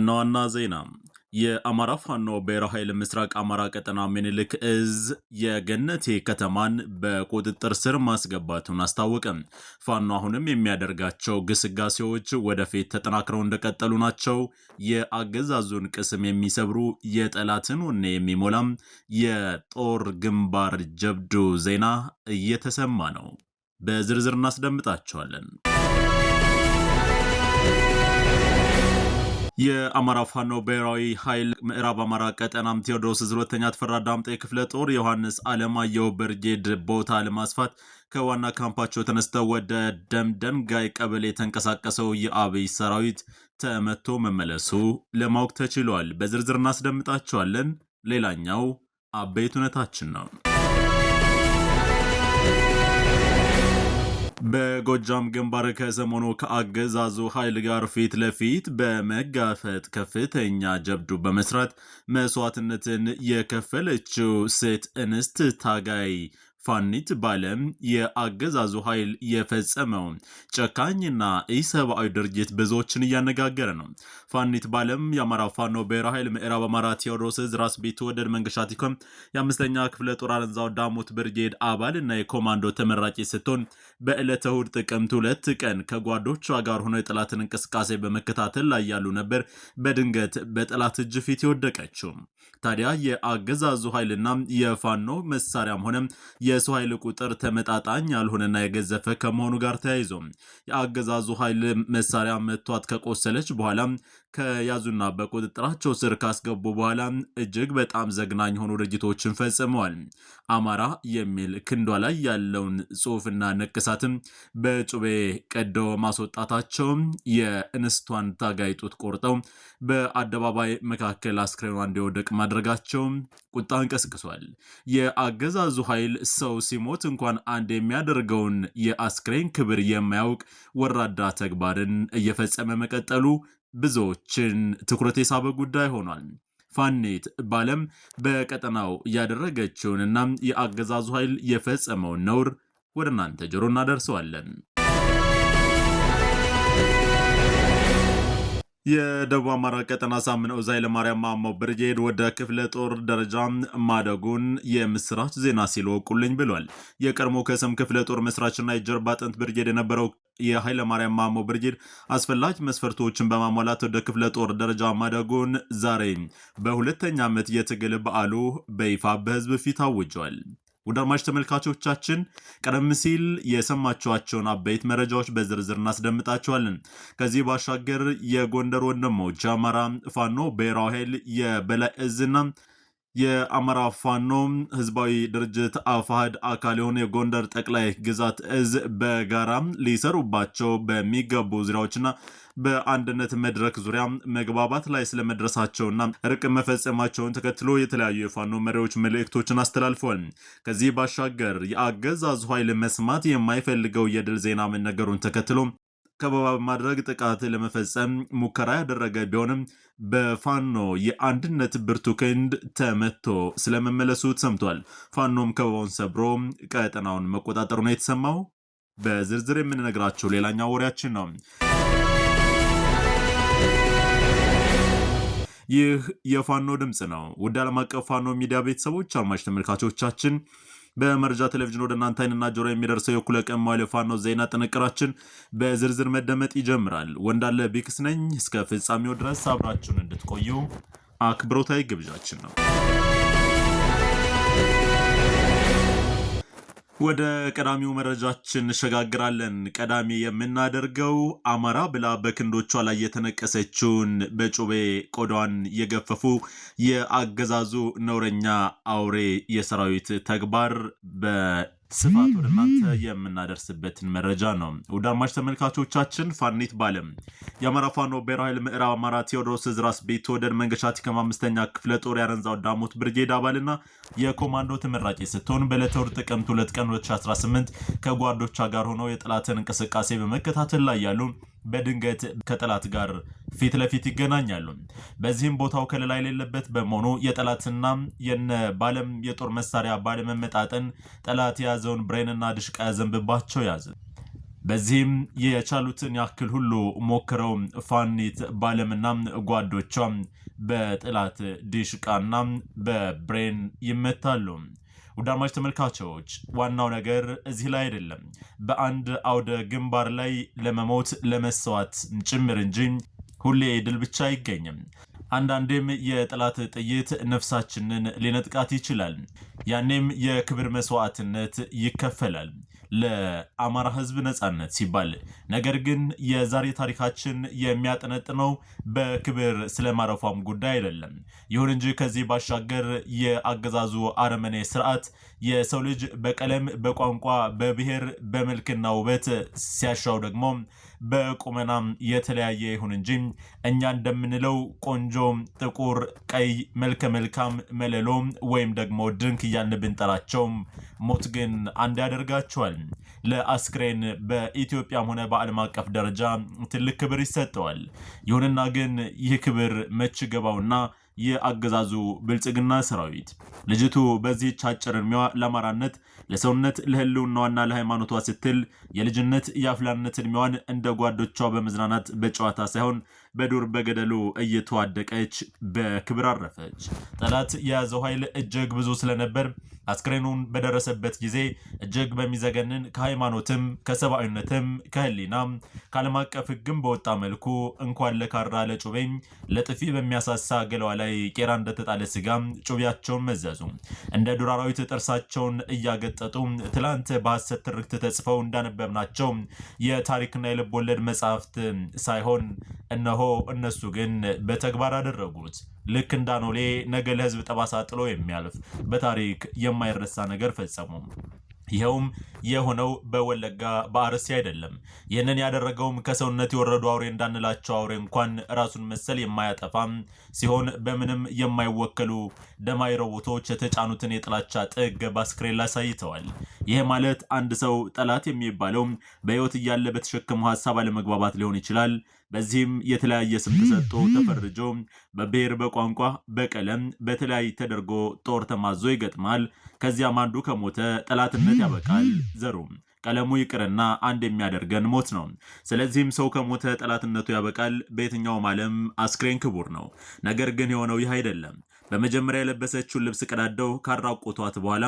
ዋና ዋና ዜና የአማራ ፋኖ ብሔራዊ ኃይል ምስራቅ አማራ ቀጠና ምኒልክ እዝ የገነቴ ከተማን በቁጥጥር ስር ማስገባቱን አስታወቀ። ፋኖ አሁንም የሚያደርጋቸው ግስጋሴዎች ወደፊት ተጠናክረው እንደቀጠሉ ናቸው። የአገዛዙን ቅስም የሚሰብሩ የጠላትን ወኔ የሚሞላም የጦር ግንባር ጀብዱ ዜና እየተሰማ ነው። በዝርዝር እናስደምጣቸዋለን። የአማራ ፋኖ ብሔራዊ ኃይል ምዕራብ አማራ ቀጠናም ቴዎድሮስ ዕዝ ሁለተኛ ተፈራ ዳምጤ ክፍለ ጦር ዮሐንስ አለማየሁ ብርጌድ ቦታ ለማስፋት ከዋና ካምፓቸው ተነስተው ወደ ደምደም ጋይ ቀበሌ የተንቀሳቀሰው የአብይ ሰራዊት ተመቶ መመለሱ ለማወቅ ተችሏል። በዝርዝር እናስደምጣቸዋለን። ሌላኛው አበይት እውነታችን ነው። በጎጃም ግንባር ከሰሞኑ ከአገዛዙ ኃይል ጋር ፊት ለፊት በመጋፈጥ ከፍተኛ ጀብዱ በመስራት መስዋዕትነትን የከፈለችው ሴት እንስት ታጋይ ፋኒት ባለም የአገዛዙ ኃይል የፈጸመው ጨካኝና ኢሰብአዊ ድርጊት ብዙዎችን እያነጋገረ ነው። ፋኒት ባለም የአማራ ፋኖ ብሔራዊ ኃይል ምዕራብ አማራ ቴዎድሮስ ዕዝ ራስ ወደድ መንገሻ ቲኮም የአምስተኛ ክፍለ ጦር አረንዛው ዳሞት ብርጌድ አባል እና የኮማንዶ ተመራቂ ስትሆን በዕለተ ጥቅምት ሁለት ቀን ከጓዶቿ ጋር ሆኖ የጠላትን እንቅስቃሴ በመከታተል ላይ ያሉ ነበር በድንገት በጠላት እጅ ፊት የወደቀችው። ታዲያ የአገዛዙ ኃይልና የፋኖ መሳሪያም ሆነ የሰው ኃይል ቁጥር ተመጣጣኝ ያልሆነና የገዘፈ ከመሆኑ ጋር ተያይዞ የአገዛዙ ኃይል መሳሪያ መቷት ከቆሰለች በኋላ ከያዙና በቁጥጥራቸው ስር ካስገቡ በኋላ እጅግ በጣም ዘግናኝ የሆኑ ድርጊቶችን ፈጽመዋል። አማራ የሚል ክንዷ ላይ ያለውን ጽሑፍና ንቅሳትም በጩቤ ቀደው ማስወጣታቸው የእንስቷን ታጋይ ጡት ቆርጠው በአደባባይ መካከል አስክሬኗ እንዲወደቅ ማድረጋቸው ቁጣ እንቀስቅሷል። የአገዛዙ ኃይል ሰው ሲሞት እንኳን አንድ የሚያደርገውን የአስክሬን ክብር የማያውቅ ወራዳ ተግባርን እየፈጸመ መቀጠሉ ብዙዎችን ትኩረት የሳበ ጉዳይ ሆኗል። ፋኔት ባለም በቀጠናው ያደረገችውን እና የአገዛዙ ኃይል የፈጸመውን ነውር ወደ እናንተ ጆሮ እናደርሰዋለን። የደቡብ አማራ ቀጠና ሳምነው ኃይለማርያም ማሞ ብርጌድ ወደ ክፍለ ጦር ደረጃ ማደጉን የምስራች ዜና ሲል ወቁልኝ ብሏል። የቀድሞ ከሰም ክፍለ ጦር መስራችና የጀርባ አጥንት ብርጌድ የነበረው የኃይለማርያም ማሞ ብርጌድ አስፈላጊ መስፈርቶችን በማሟላት ወደ ክፍለ ጦር ደረጃ ማደጉን ዛሬ በሁለተኛ ዓመት የትግል በዓሉ በይፋ በህዝብ ፊት አውጇል። ውድ አድማጭ ተመልካቾቻችን ቀደም ሲል የሰማችኋቸውን አበይት መረጃዎች በዝርዝር እናስደምጣችኋለን። ከዚህ ባሻገር የጎንደር ወንድሞች የአማራ ፋኖ ብሔራዊ ኃይል የበላይ እዝና የአማራ ፋኖ ህዝባዊ ድርጅት አፋህድ አካል የሆነ የጎንደር ጠቅላይ ግዛት እዝ በጋራ ሊሰሩባቸው በሚገቡ ዙሪያዎችና በአንድነት መድረክ ዙሪያ መግባባት ላይ ስለመድረሳቸውና እርቅ መፈጸማቸውን ተከትሎ የተለያዩ የፋኖ መሪዎች መልእክቶችን አስተላልፈዋል። ከዚህ ባሻገር የአገዛዙ ኃይል መስማት የማይፈልገው የድል ዜና መነገሩን ተከትሎ ከበባ በማድረግ ጥቃት ለመፈጸም ሙከራ ያደረገ ቢሆንም በፋኖ የአንድነት ብርቱ ክንድ ተመቶ ስለመመለሱ ሰምቷል። ፋኖም ከበባውን ሰብሮ ቀጠናውን መቆጣጠሩ ነው የተሰማው። በዝርዝር የምንነግራቸው ሌላኛው ወሬያችን ነው። ይህ የፋኖ ድምፅ ነው። ውድ ዓለም አቀፍ ፋኖ ሚዲያ ቤተሰቦች፣ አድማጭ ተመልካቾቻችን በመረጃ ቴሌቪዥን ወደ እናንተ አይንና ጆሮ የሚደርሰው የእኩለ ቀን ማዋል የፋኖ ዜና ጥንቅራችን በዝርዝር መደመጥ ይጀምራል። ወንዳለ ቢክስ ነኝ። እስከ ፍጻሜው ድረስ አብራችሁን እንድትቆዩ አክብሮታዊ ግብዣችን ነው። ወደ ቀዳሚው መረጃችን እንሸጋግራለን። ቀዳሚ የምናደርገው አማራ ብላ በክንዶቿ ላይ የተነቀሰችውን በጩቤ ቆዳዋን የገፈፉ የአገዛዙ ነውረኛ አውሬ የሰራዊት ተግባር በ ስፋት ወደ እናንተ የምናደርስበትን መረጃ ነው። ውዳማሽ ተመልካቾቻችን ፋኒት ባለም የአማራ ፋኖ ብሔራዊ ኃይል ምዕራብ አማራ ቴዎድሮስ ዝራስ ቤት ተወደድ መንገሻ ቲከማ አምስተኛ ክፍለ ጦር ያረንዛው ዳሞት ብርጌድ አባልና የኮማንዶ ተመራቂ ስትሆን በዕለተ እሑድ ጥቅምት 2 ቀን 2018 ከጓዶቿ ጋር ሆነው የጠላትን እንቅስቃሴ በመከታተል ላይ ያሉ በድንገት ከጠላት ጋር ፊት ለፊት ይገናኛሉ። በዚህም ቦታው ከለላ የሌለበት በመሆኑ የጠላትና የነ ባለም የጦር መሳሪያ ባለመመጣጠን ጠላት የያዘ የያዘውን ብሬንና ድሽቃ ያዘንብባቸው ያዘ። በዚህም የቻሉትን ያክል ሁሉ ሞክረው ፋኒት ባለምና ጓዶቿ በጥላት ድሽቃና በብሬን ይመታሉ። ውዳማች ተመልካቾች ዋናው ነገር እዚህ ላይ አይደለም። በአንድ አውደ ግንባር ላይ ለመሞት ለመስዋዕት ጭምር እንጂ ሁሌ ድል ብቻ አይገኝም። አንዳንዴም የጠላት ጥይት ነፍሳችንን ሊነጥቃት ይችላል። ያኔም የክብር መስዋዕትነት ይከፈላል ለአማራ ህዝብ ነጻነት ሲባል። ነገር ግን የዛሬ ታሪካችን የሚያጠነጥነው በክብር ስለማረፏም ጉዳይ አይደለም። ይሁን እንጂ ከዚህ ባሻገር የአገዛዙ አረመኔ ስርዓት የሰው ልጅ በቀለም፣ በቋንቋ፣ በብሔር፣ በመልክና ውበት ሲያሻው ደግሞ በቁመናም የተለያየ ይሁን እንጂ እኛ እንደምንለው ቆንጆ፣ ጥቁር፣ ቀይ፣ መልከ መልካም፣ መለሎ ወይም ደግሞ ድንክ እያልን ብንጠራቸው ሞት ግን አንድ ያደርጋቸዋል። ለአስክሬን በኢትዮጵያም ሆነ በዓለም አቀፍ ደረጃ ትልቅ ክብር ይሰጠዋል። ይሁንና ግን ይህ ክብር መች ገባውና የአገዛዙ ብልጽግና ሰራዊት ልጅቱ በዚህች አጭር እድሜዋ ለአማራነት፣ ለሰውነት፣ ለህልውናዋና ለሃይማኖቷ ስትል የልጅነት የአፍላነት እድሜዋን እንደ ጓዶቿ በመዝናናት በጨዋታ ሳይሆን በዱር በገደሉ እየተዋደቀች በክብር አረፈች። ጠላት የያዘው ኃይል እጅግ ብዙ ስለነበር አስክሬኑን በደረሰበት ጊዜ እጅግ በሚዘገንን ከሃይማኖትም ከሰብአዊነትም ከህሊናም ከዓለም አቀፍ ህግም በወጣ መልኩ እንኳን ለካራ ለጩቤም ለጥፊ በሚያሳሳ ገለዋ ላይ ቄራ እንደተጣለ ስጋ ጩቤያቸውን መዘዙ። እንደ ዱር አራዊት ጥርሳቸውን እያገጠጡ ትላንት በሐሰት ትርክት ተጽፈው እንዳነበብናቸው የታሪክና የልብ ወለድ መጽሐፍት ሳይሆን እነሆ እነሆ እነሱ ግን በተግባር አደረጉት። ልክ እንዳኖሌ ነገ ለህዝብ ጠባሳ ጥሎ የሚያልፍ በታሪክ የማይረሳ ነገር ፈጸሙ። ይኸውም የሆነው በወለጋ በአርሲ አይደለም። ይህንን ያደረገውም ከሰውነት የወረዱ አውሬ እንዳንላቸው አውሬ እንኳን ራሱን መሰል የማያጠፋም ሲሆን በምንም የማይወከሉ ደማይ የተጫኑትን የጥላቻ ጥግ በአስክሬን አሳይተዋል። ይህ ማለት አንድ ሰው ጠላት የሚባለው በሕይወት እያለ በተሸከመው ሀሳብ አለመግባባት ሊሆን ይችላል በዚህም የተለያየ ስም ተሰጥቶ ተፈርጆ በብሔር፣ በቋንቋ፣ በቀለም በተለያይ ተደርጎ ጦር ተማዞ ይገጥማል። ከዚያም አንዱ ከሞተ ጠላትነት ያበቃል። ዘሩም ቀለሙ ይቅርና አንድ የሚያደርገን ሞት ነው። ስለዚህም ሰው ከሞተ ጠላትነቱ ያበቃል። በየትኛውም ዓለም አስክሬን ክቡር ነው። ነገር ግን የሆነው ይህ አይደለም። በመጀመሪያ የለበሰችውን ልብስ ቀዳደው ካራቆቷት በኋላ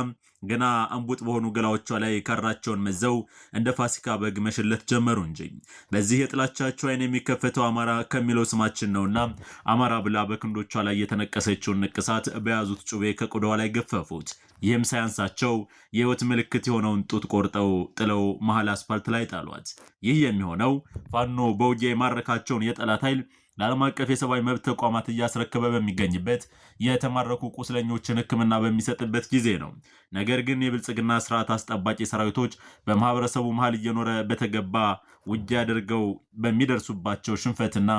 ገና እንቡጥ በሆኑ ገላዎቿ ላይ ካራቸውን መዘው እንደ ፋሲካ በግ መሸለት ጀመሩ እንጂ በዚህ የጥላቻቸው አይን የሚከፈተው አማራ ከሚለው ስማችን ነውና አማራ ብላ በክንዶቿ ላይ የተነቀሰችውን ንቅሳት በያዙት ጩቤ ከቆዳዋ ላይ ገፈፉት። ይህም ሳያንሳቸው የህይወት ምልክት የሆነውን ጡት ቆርጠው ጥለው መሀል አስፋልት ላይ ጣሏት። ይህ የሚሆነው ፋኖ በውጊያ የማረካቸውን የጠላት ኃይል ለዓለም አቀፍ የሰብአዊ መብት ተቋማት እያስረከበ በሚገኝበት የተማረኩ ቁስለኞችን ሕክምና በሚሰጥበት ጊዜ ነው። ነገር ግን የብልጽግና ስርዓት አስጠባቂ ሰራዊቶች በማህበረሰቡ መሀል እየኖረ በተገባ ውጊያ አድርገው በሚደርሱባቸው ሽንፈትና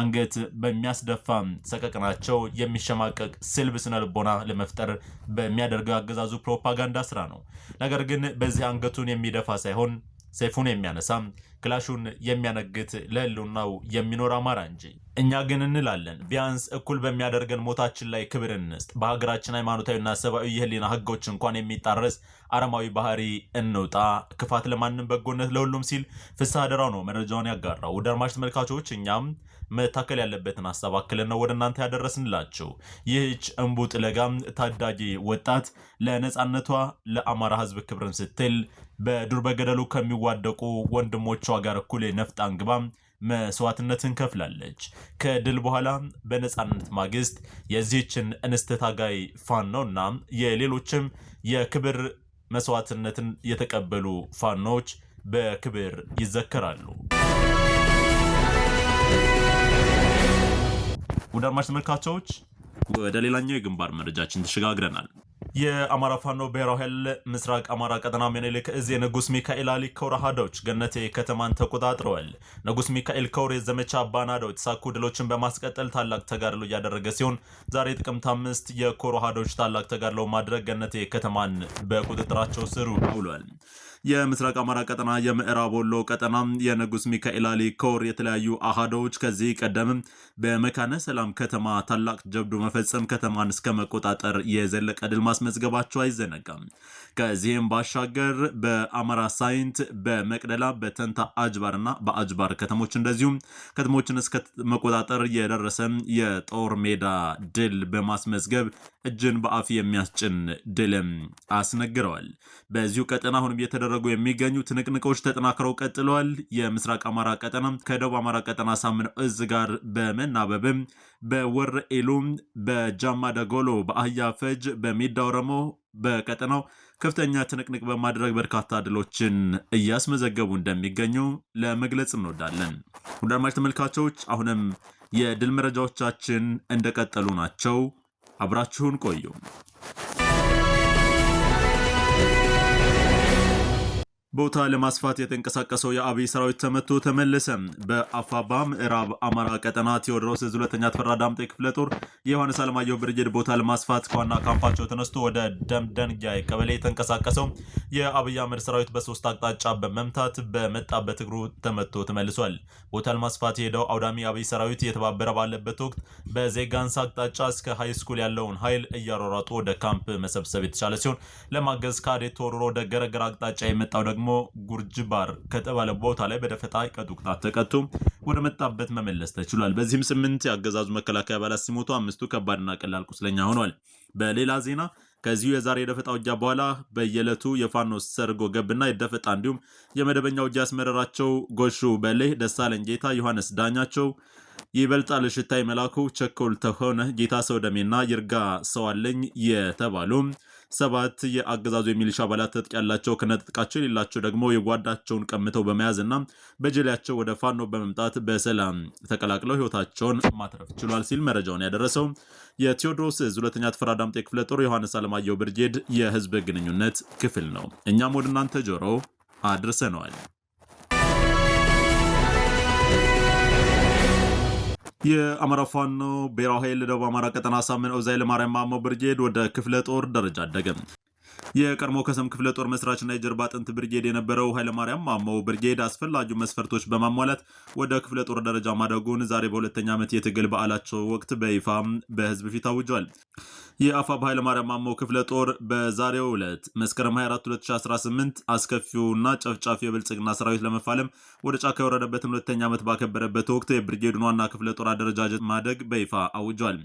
አንገት በሚያስደፋ ሰቀቅናቸው የሚሸማቀቅ ስልብ ስነ ልቦና ለመፍጠር በሚያደርገው አገዛዙ ፕሮፓጋንዳ ስራ ነው። ነገር ግን በዚህ አንገቱን የሚደፋ ሳይሆን ሰይፉን የሚያነሳ ክላሹን የሚያነግት ለህልውናው የሚኖር አማራ እንጂ። እኛ ግን እንላለን ቢያንስ እኩል በሚያደርገን ሞታችን ላይ ክብር እንስጥ። በሀገራችን ሃይማኖታዊና ሰብአዊ የህሊና ህጎች እንኳን የሚጣረስ አረማዊ ባህሪ እንውጣ። ክፋት ለማንም በጎነት ለሁሉም ሲል ፍስሐ ደራው ነው መረጃውን ያጋራው። ውድ አድማጭ ተመልካቾች እኛም መታከል ያለበትን ሀሳብ አክለን ነው ወደ እናንተ ያደረስንላቸው። ይህች እንቡጥ ለጋም ታዳጊ ወጣት ለነፃነቷ ለአማራ ህዝብ ክብርን ስትል በዱር በገደሉ ከሚዋደቁ ወንድሞቿ ጋር እኩል ነፍጥ አንግባ መስዋዕትነትን ከፍላለች። ከድል በኋላ በነፃነት ማግስት የዚህችን እንስት ታጋይ ፋኖና የሌሎችም የክብር መስዋዕትነትን የተቀበሉ ፋኖች በክብር ይዘከራሉ። ውድ አድማጭ ተመልካቾች ወደ ሌላኛው የግንባር መረጃችን ተሸጋግረናል። የአማራ ፋኖ ብሔራዊ ኃይል ምስራቅ አማራ ቀጠና ምኒልክ እዝ የንጉስ ሚካኤል አሊ ከውር አህዶች ገነቴ ከተማን ተቆጣጥረዋል። ንጉስ ሚካኤል ከውር የዘመቻ አባናደው የተሳኩ ድሎችን በማስቀጠል ታላቅ ተጋድሎ እያደረገ ሲሆን ዛሬ ጥቅምት አምስት የኮር አህዶች ታላቅ ተጋድሎ ማድረግ ገነቴ ከተማን በቁጥጥራቸው ስር ውሏል። የምስራቅ አማራ ቀጠና፣ የምዕራብ ወሎ ቀጠና፣ የንጉስ ሚካኤል አሊ ኮር የተለያዩ አሃዶች ከዚህ ቀደም በመካነ ሰላም ከተማ ታላቅ ጀብዱ መፈጸም ከተማን እስከ መቆጣጠር የዘለቀ ድል ማስመዝገባቸው አይዘነጋም። ከዚህም ባሻገር በአማራ ሳይንት፣ በመቅደላ፣ በተንታ አጅባር በአጅባር ከተሞች እንደዚሁም ከተሞችን እስከ መቆጣጠር የደረሰ የጦር ሜዳ ድል በማስመዝገብ እጅን በአፍ የሚያስጭን ድልም አስነግረዋል። በዚሁ ቀጠና አሁንም እየተደረጉ የሚገኙ ትንቅንቆች ተጠናክረው ቀጥለዋል። የምስራቅ አማራ ቀጠና ከደቡብ አማራ ቀጠና ሳምነው እዝ ጋር በመናበብም በወረ ኢሉም፣ በጃማ ደጎሎ፣ በአህያ ፈጅ፣ በሚዳ በቀጠናው ከፍተኛ ትንቅንቅ በማድረግ በርካታ ድሎችን እያስመዘገቡ እንደሚገኙ ለመግለጽ እንወዳለን። ውድ አድማጭ ተመልካቾች አሁንም የድል መረጃዎቻችን እንደቀጠሉ ናቸው። አብራችሁን ቆዩ። ቦታ ለማስፋት የተንቀሳቀሰው የአብይ ሰራዊት ተመቶ ተመለሰ። በአፋባ ምዕራብ አማራ ቀጠና ቴዎድሮስ ዕዝ ሁለተኛ ተፈራ ዳምጤ ክፍለ ጦር የዮሐንስ አለማየሁ ብርጅድ ቦታ ለማስፋት ከዋና ካምፓቸው ተነስቶ ወደ ደምደንጊያ ቀበሌ የተንቀሳቀሰው የአብይ አህመድ ሰራዊት በሶስት አቅጣጫ በመምታት በመጣበት እግሩ ተመቶ ተመልሷል። ቦታ ለማስፋት የሄደው አውዳሚ አብይ ሰራዊት እየተባበረ ባለበት ወቅት በዜጋንስ አቅጣጫ እስከ ሃይ ስኩል ያለውን ኃይል እያሯሯጡ ወደ ካምፕ መሰብሰብ የተቻለ ሲሆን ለማገዝ ከአዴት ተወርሮ ወደ ገረገር አቅጣጫ የመጣው ደግሞ ደግሞ ጉርጅባር ከተባለ ቦታ ላይ በደፈጣ ቀጡ ቅጣት ተቀጥቶ ወደ መጣበት መመለስ ተችሏል። በዚህም ስምንት የአገዛዙ መከላከያ አባላት ሲሞቱ አምስቱ ከባድና ቀላል ቁስለኛ ሆኗል። በሌላ ዜና ከዚሁ የዛሬ የደፈጣ ውጊያ በኋላ በየዕለቱ የፋኖ ሰርጎ ገብና የደፈጣ እንዲሁም የመደበኛ ውጊያ ያስመረራቸው ጎሹ በሌህ፣ ደሳለኝ ጌታ፣ ዮሐንስ ዳኛቸው ይበልጣል ሽታይ መላኩ፣ ቸኮል ተሆነ፣ ጌታ ሰው ደሜና ይርጋ ሰዋለኝ የተባሉ ሰባት የአገዛዙ የሚሊሻ አባላት ትጥቅ ያላቸው ከነትጥቃቸው የሌላቸው ደግሞ የጓዳቸውን ቀምተው በመያዝና በጀሌያቸው ወደ ፋኖ በመምጣት በሰላም ተቀላቅለው ህይወታቸውን ማትረፍ ችሏል ሲል መረጃውን ያደረሰው የቴዎድሮስ እዝ ሁለተኛ ተፈራ ዳምጤ ክፍለ ጦር ዮሐንስ አለማየሁ ብርጌድ የህዝብ ግንኙነት ክፍል ነው። እኛም ወደ እናንተ ጆሮ አድርሰነዋል። የአማራ ፋኖ ብሔራዊ ኃይል ደቡብ አማራ ቀጠና ሳምን ኦዛይ ለማርያም ማሞ ብርጌድ ወደ ክፍለ ጦር ደረጃ አደገም። የቀድሞ ከሰም ክፍለ ጦር መስራችና የጀርባ አጥንት ብርጌድ የነበረው ኃይለማርያም ማመው ብርጌድ አስፈላጊው መስፈርቶች በማሟላት ወደ ክፍለ ጦር ደረጃ ማደጉን ዛሬ በሁለተኛ ዓመት የትግል በዓላቸው ወቅት በይፋ በህዝብ ፊት አውጇል። የአፋብ ኃይለማርያም ማመው ክፍለ ጦር በዛሬው ዕለት መስከረም 24 2018 አስከፊውና ጨፍጫፊ የብልጽግና ሰራዊት ለመፋለም ወደ ጫካ የወረደበትን ሁለተኛ ዓመት ባከበረበት ወቅት የብርጌዱን ዋና ክፍለ ጦር አደረጃጀት ማደግ በይፋ አውጇል።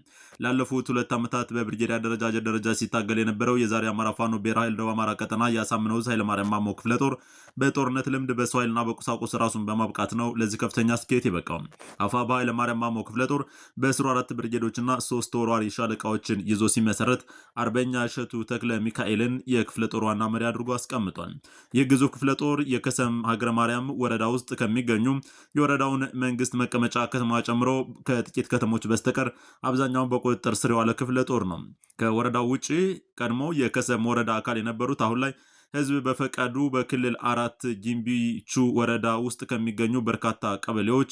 ላለፉት ሁለት ዓመታት በብርጌድ አደረጃጀት ደረጃ ሲታገል የነበረው የዛሬ አማራ ፋኖ ኃይል ደቡብ አማራ ቀጠና የአሳምነው ዕዝ ኃይለማርያም ማሞ ክፍለ ጦር በጦርነት ልምድ በሰው ኃይልና በቁሳቁስ ራሱን በማብቃት ነው ለዚህ ከፍተኛ ስኬት የበቃው። አፋባ ኃይለማርያም ማሞ ክፍለ ጦር በስሩ አራት ብርጌዶችና ሶስት ተወርዋሪ ሻለቃዎችን ይዞ ሲመሰረት አርበኛ እሸቱ ተክለ ሚካኤልን የክፍለ ጦር ዋና መሪ አድርጎ አስቀምጧል። ይህ ግዙፍ ክፍለ ጦር የከሰም ሀገረ ማርያም ወረዳ ውስጥ ከሚገኙ የወረዳውን መንግስት መቀመጫ ከተማ ጨምሮ ከጥቂት ከተሞች በስተቀር አብዛኛውን በቁጥጥር ስር የዋለ ክፍለ ጦር ነው። ከወረዳው ውጭ ቀድሞ የከሰም ወረዳ አካል የነበሩት አሁን ላይ ህዝብ በፈቃዱ በክልል አራት ጊምቢቹ ወረዳ ውስጥ ከሚገኙ በርካታ ቀበሌዎች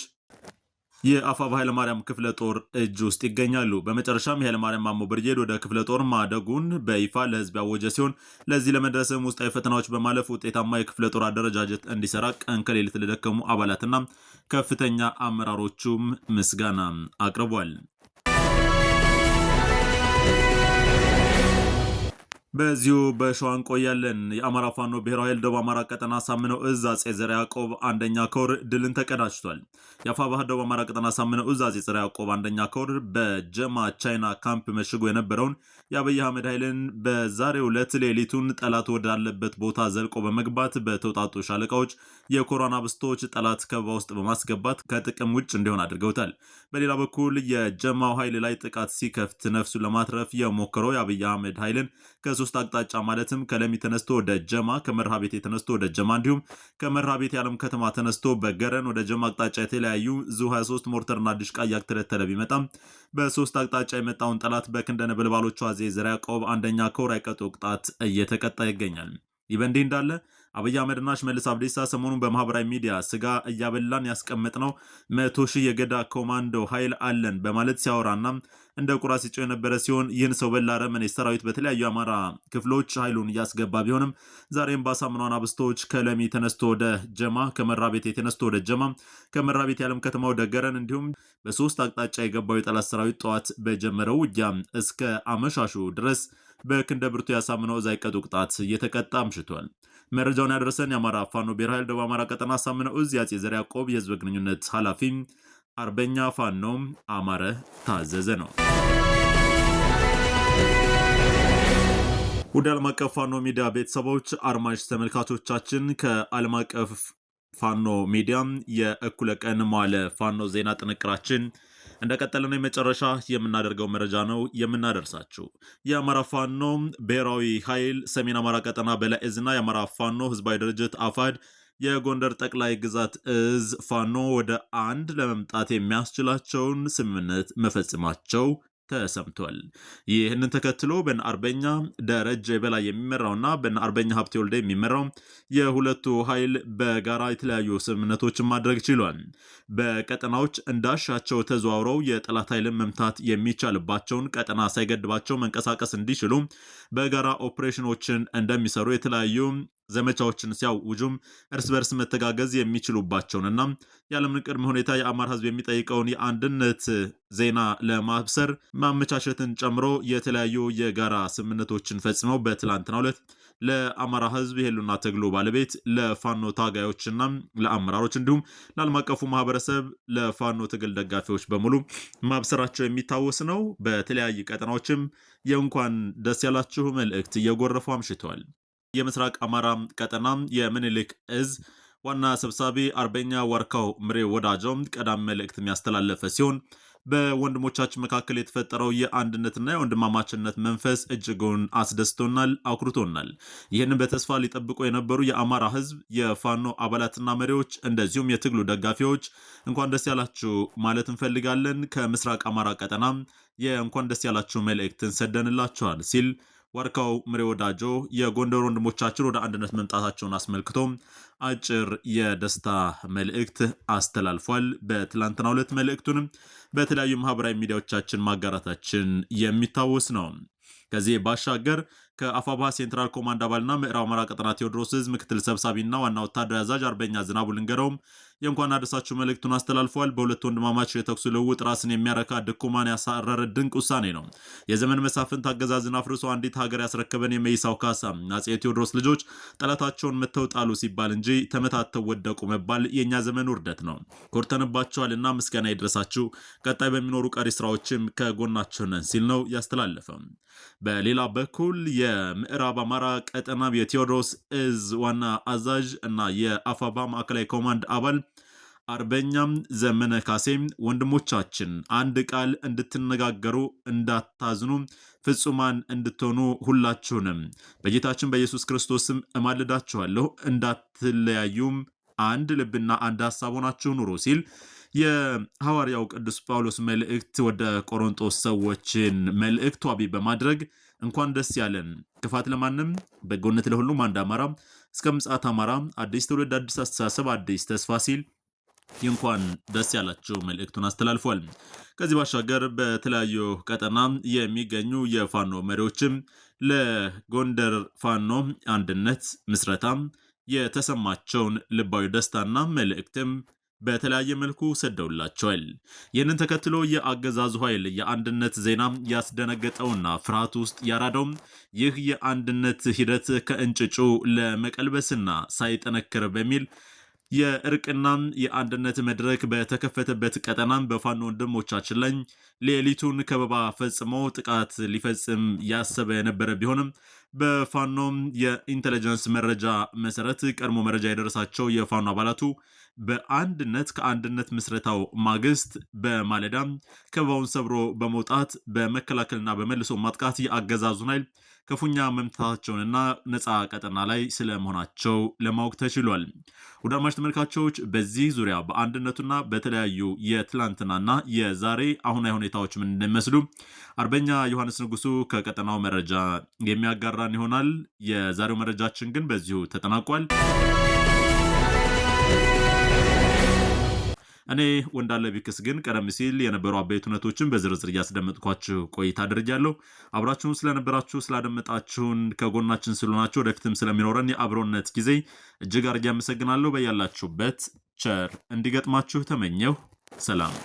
የአፋብ ኃይለማርያም ክፍለ ጦር እጅ ውስጥ ይገኛሉ። በመጨረሻም የኃይለማርያም ማሞ ብርጌድ ወደ ክፍለ ጦር ማደጉን በይፋ ለህዝብ ያወጀ ሲሆን ለዚህ ለመድረስም ውስጣዊ ፈተናዎች በማለፍ ውጤታማ የክፍለ ጦር አደረጃጀት እንዲሰራ ቀን ከሌሊት ለደከሙ አባላትና ከፍተኛ አመራሮቹም ምስጋና አቅርቧል። በዚሁ በሸዋ እንቆያለን። የአማራ ፋኖ ብሔራዊ ኃይል ደቡብ አማራ ቀጠና ሳምነው እዝ አጼ ዘርዓ ያዕቆብ አንደኛ ኮር ድልን ተቀዳጅቷል። የአፋ ባህር ደቡብ አማራ ቀጠና ሳምነው እዝ አጼ ዘርዓ ያዕቆብ አንደኛ ኮር በጀማ ቻይና ካምፕ መሽጎ የነበረውን የአብይ አህመድ ኃይልን በዛሬው ዕለት ሌሊቱን ጠላት ወዳለበት ቦታ ዘልቆ በመግባት በተውጣጡ ሻለቃዎች የኮሮና ብስቶች ጠላት ከበባ ውስጥ በማስገባት ከጥቅም ውጭ እንዲሆን አድርገውታል። በሌላ በኩል የጀማው ኃይል ላይ ጥቃት ሲከፍት ነፍሱን ለማትረፍ የሞከረው የአብይ አህመድ ኃይልን በሶስት አቅጣጫ ማለትም ከለሚ ተነስቶ ወደ ጀማ፣ ከመርሃ ቤቴ ተነስቶ ወደ ጀማ እንዲሁም ከመርሃ ቤቴ የዓለም ከተማ ተነስቶ በገረን ወደ ጀማ አቅጣጫ የተለያዩ ዙ 23 ሞርተርና ድሽቃ እያክተለተለ ቢመጣም በሶስት አቅጣጫ የመጣውን ጠላት በክንደ ነበልባሎቹ አዜ ዘርዓ ያዕቆብ አንደኛ ኮር አይቀጡ ቅጣት እየተቀጣ ይገኛል። ይህ በእንዲህ እንዳለ አብይ አህመድና ሽመልስ አብዲሳ ሰሞኑን በማህበራዊ ሚዲያ ስጋ እያበላን ነው መቶ ሺህ የገዳ ኮማንዶ ኃይል አለን በማለት ሲያወራና እንደ ቁራ ሲጮ የነበረ ሲሆን ይህን ሰው በላ አረመኔ ሰራዊት በተለያዩ አማራ ክፍሎች ኃይሉን እያስገባ ቢሆንም ዛሬም በአሳምኗን አብስቶዎች ከለሚ ተነስቶ ወደ ጀማ፣ ከመራቤት የተነስቶ ወደ ጀማ፣ ከመራቤት ቤት ያለም ከተማ ወደ ገረን እንዲሁም በሶስት አቅጣጫ የገባው የጠላት ሰራዊት ጠዋት በጀመረው ውጊያ እስከ አመሻሹ ድረስ በክንደ ብርቱ ያሳምነው ዛይቀጡ ቅጣት እየተቀጣ አምሽቷል። መረጃውን ያደረሰን የአማራ ፋኖ ብሔር ኃይል ደቡብ አማራ ቀጠና አሳምነው እዝ የአጼ ዘር ያዕቆብ የህዝብ ግንኙነት ኃላፊ አርበኛ ፋኖ አማረ ታዘዘ ነው። ወደ ዓለም አቀፍ ፋኖ ሚዲያ ቤተሰቦች አድማጭ ተመልካቾቻችን ከዓለም አቀፍ ፋኖ ሚዲያ የእኩለ ቀን ፋኖ ዜና ጥንቅራችን እንደቀጠለ ነው። የመጨረሻ የምናደርገው መረጃ ነው የምናደርሳችሁ። የአማራ ፋኖ ብሔራዊ ኃይል ሰሜን አማራ ቀጠና በላይ እዝና የአማራ ፋኖ ህዝባዊ ድርጅት አፋድ የጎንደር ጠቅላይ ግዛት እዝ ፋኖ ወደ አንድ ለመምጣት የሚያስችላቸውን ስምምነት መፈጽማቸው ተሰምቷል። ይህንን ተከትሎ በነ አርበኛ ደረጀ በላይ የሚመራውና በነ አርበኛ ሀብቴ ወልደ የሚመራው የሁለቱ ኃይል በጋራ የተለያዩ ስምምነቶችን ማድረግ ችሏል። በቀጠናዎች እንዳሻቸው ተዘዋውረው የጠላት ኃይልን መምታት የሚቻልባቸውን ቀጠና ሳይገድባቸው መንቀሳቀስ እንዲችሉ በጋራ ኦፕሬሽኖችን እንደሚሰሩ የተለያዩ ዘመቻዎችን ሲያውጁም እርስ በርስ መተጋገዝ የሚችሉባቸውንና የዓለምን ቅድመ ሁኔታ የአማራ ሕዝብ የሚጠይቀውን የአንድነት ዜና ለማብሰር ማመቻቸትን ጨምሮ የተለያዩ የጋራ ስምምነቶችን ፈጽመው በትላንትና ዕለት ለአማራ ሕዝብ የህሉና ትግሉ ባለቤት ለፋኖ ታጋዮችና ለአመራሮች እንዲሁም ለዓለም አቀፉ ማህበረሰብ ለፋኖ ትግል ደጋፊዎች በሙሉ ማብሰራቸው የሚታወስ ነው። በተለያዩ ቀጠናዎችም የእንኳን ደስ ያላችሁ መልእክት እየጎረፉ አምሽተዋል። የምስራቅ አማራ ቀጠና የምኒልክ እዝ ዋና ሰብሳቢ አርበኛ ዋርካው ምሬ ወዳጀው ቀዳሚ መልእክት የሚያስተላለፈ ሲሆን በወንድሞቻችን መካከል የተፈጠረው የአንድነትና የወንድማማችነት መንፈስ እጅጉን አስደስቶናል፣ አኩርቶናል። ይህንን በተስፋ ሊጠብቁ የነበሩ የአማራ ሕዝብ የፋኖ አባላትና መሪዎች እንደዚሁም የትግሉ ደጋፊዎች እንኳን ደስ ያላችሁ ማለት እንፈልጋለን። ከምስራቅ አማራ ቀጠና የእንኳን ደስ ያላችሁ መልእክትን ሰደንላችኋል ሲል ዋርካው ምሬ ወዳጆ የጎንደር ወንድሞቻችን ወደ አንድነት መምጣታቸውን አስመልክቶ አጭር የደስታ መልእክት አስተላልፏል። በትላንትናው ዕለት መልእክቱንም በተለያዩ ማህበራዊ ሚዲያዎቻችን ማጋራታችን የሚታወስ ነው። ከዚህ ባሻገር ከአፋባ ሴንትራል ኮማንድ አባልና ምዕራብ አማራ ቀጠና ቴዎድሮስ ዕዝ ምክትል ሰብሳቢና ዋና ወታደራዊ አዛዥ አርበኛ ዝናቡ ልንገረውም የእንኳን አደረሳችሁ መልእክቱን አስተላልፏል። በሁለት ወንድማማች የተኩስ ልውውጥ ራስን የሚያረካ ድኩማን ያሳረረ ድንቅ ውሳኔ ነው። የዘመን መሳፍንት አገዛዝን አፍርሶ አንዲት ሀገር ያስረከበን የመይሳው ካሳ አጼ ቴዎድሮስ ልጆች ጠላታቸውን መተው ጣሉ ሲባል እንጂ ተመታተው ወደቁ መባል የእኛ ዘመን ውርደት ነው። ኮርተንባቸዋልና ምስጋና ይድረሳችሁ። ቀጣይ በሚኖሩ ቀሪ ስራዎችም ከጎናችሁ ነን ሲል ነው ያስተላለፈ። በሌላ በኩል የምዕራብ አማራ ቀጠና የቴዎድሮስ እዝ ዋና አዛዥ እና የአፋባ ማዕከላዊ ኮማንድ አባል አርበኛም ዘመነ ካሴ ወንድሞቻችን አንድ ቃል እንድትነጋገሩ እንዳታዝኑ ፍጹማን እንድትሆኑ ሁላችሁንም በጌታችን በኢየሱስ ክርስቶስም እማልዳችኋለሁ እንዳትለያዩም አንድ ልብና አንድ ሀሳብ ሆናችሁ ኑሩ ሲል የሐዋርያው ቅዱስ ጳውሎስ መልእክት ወደ ቆሮንጦስ ሰዎችን መልእክት ዋቢ በማድረግ እንኳን ደስ ያለን፣ ክፋት ለማንም በጎነት ለሁሉም፣ አንድ አማራ እስከ ምጽአት አማራ፣ አዲስ ትውልድ፣ አዲስ አስተሳሰብ፣ አዲስ ተስፋ ሲል እንኳን ደስ ያላቸው መልእክቱን አስተላልፏል። ከዚህ ባሻገር በተለያዩ ቀጠና የሚገኙ የፋኖ መሪዎችም ለጎንደር ፋኖ አንድነት ምስረታ የተሰማቸውን ልባዊ ደስታና መልእክትም በተለያየ መልኩ ሰደውላቸዋል። ይህንን ተከትሎ የአገዛዙ ኃይል የአንድነት ዜና ያስደነገጠውና ፍርሃት ውስጥ ያራደው ይህ የአንድነት ሂደት ከእንጭጩ ለመቀልበስና ሳይጠነክር በሚል የእርቅና የአንድነት መድረክ በተከፈተበት ቀጠና በፋኖ ወንድሞቻችን ላይ ሌሊቱን ከበባ ፈጽሞ ጥቃት ሊፈጽም ያሰበ የነበረ ቢሆንም በፋኖም የኢንቴሊጀንስ መረጃ መሰረት ቀድሞ መረጃ የደረሳቸው የፋኖ አባላቱ በአንድነት ከአንድነት ምስረታው ማግስት በማለዳም ከበባውን ሰብሮ በመውጣት በመከላከልና በመልሶ ማጥቃት የአገዛዙን ኃይል ክፉኛ መምታታቸውንና ነፃ ቀጠና ላይ ስለመሆናቸው ለማወቅ ተችሏል። ውድ አድማጭ ተመልካቾች በዚህ ዙሪያ በአንድነቱና በተለያዩ የትላንትናና የዛሬ አሁናዊ ሁኔታዎች ምን እንደሚመስሉ አርበኛ ዮሐንስ ንጉሱ ከቀጠናው መረጃ የሚያጋራ የምንጠራን ይሆናል። የዛሬው መረጃችን ግን በዚሁ ተጠናቋል። እኔ ወንዳለ ቢክስ ግን ቀደም ሲል የነበሩ አበይት እውነቶችን በዝርዝር እያስደመጥኳችሁ ቆይታ አድርጃለሁ። አብራችሁን ስለነበራችሁ ስላደመጣችሁን፣ ከጎናችን ስለሆናችሁ፣ ወደፊትም ስለሚኖረን የአብሮነት ጊዜ እጅግ አድርጌ አመሰግናለሁ። በያላችሁበት ቸር እንዲገጥማችሁ ተመኘሁ። ሰላም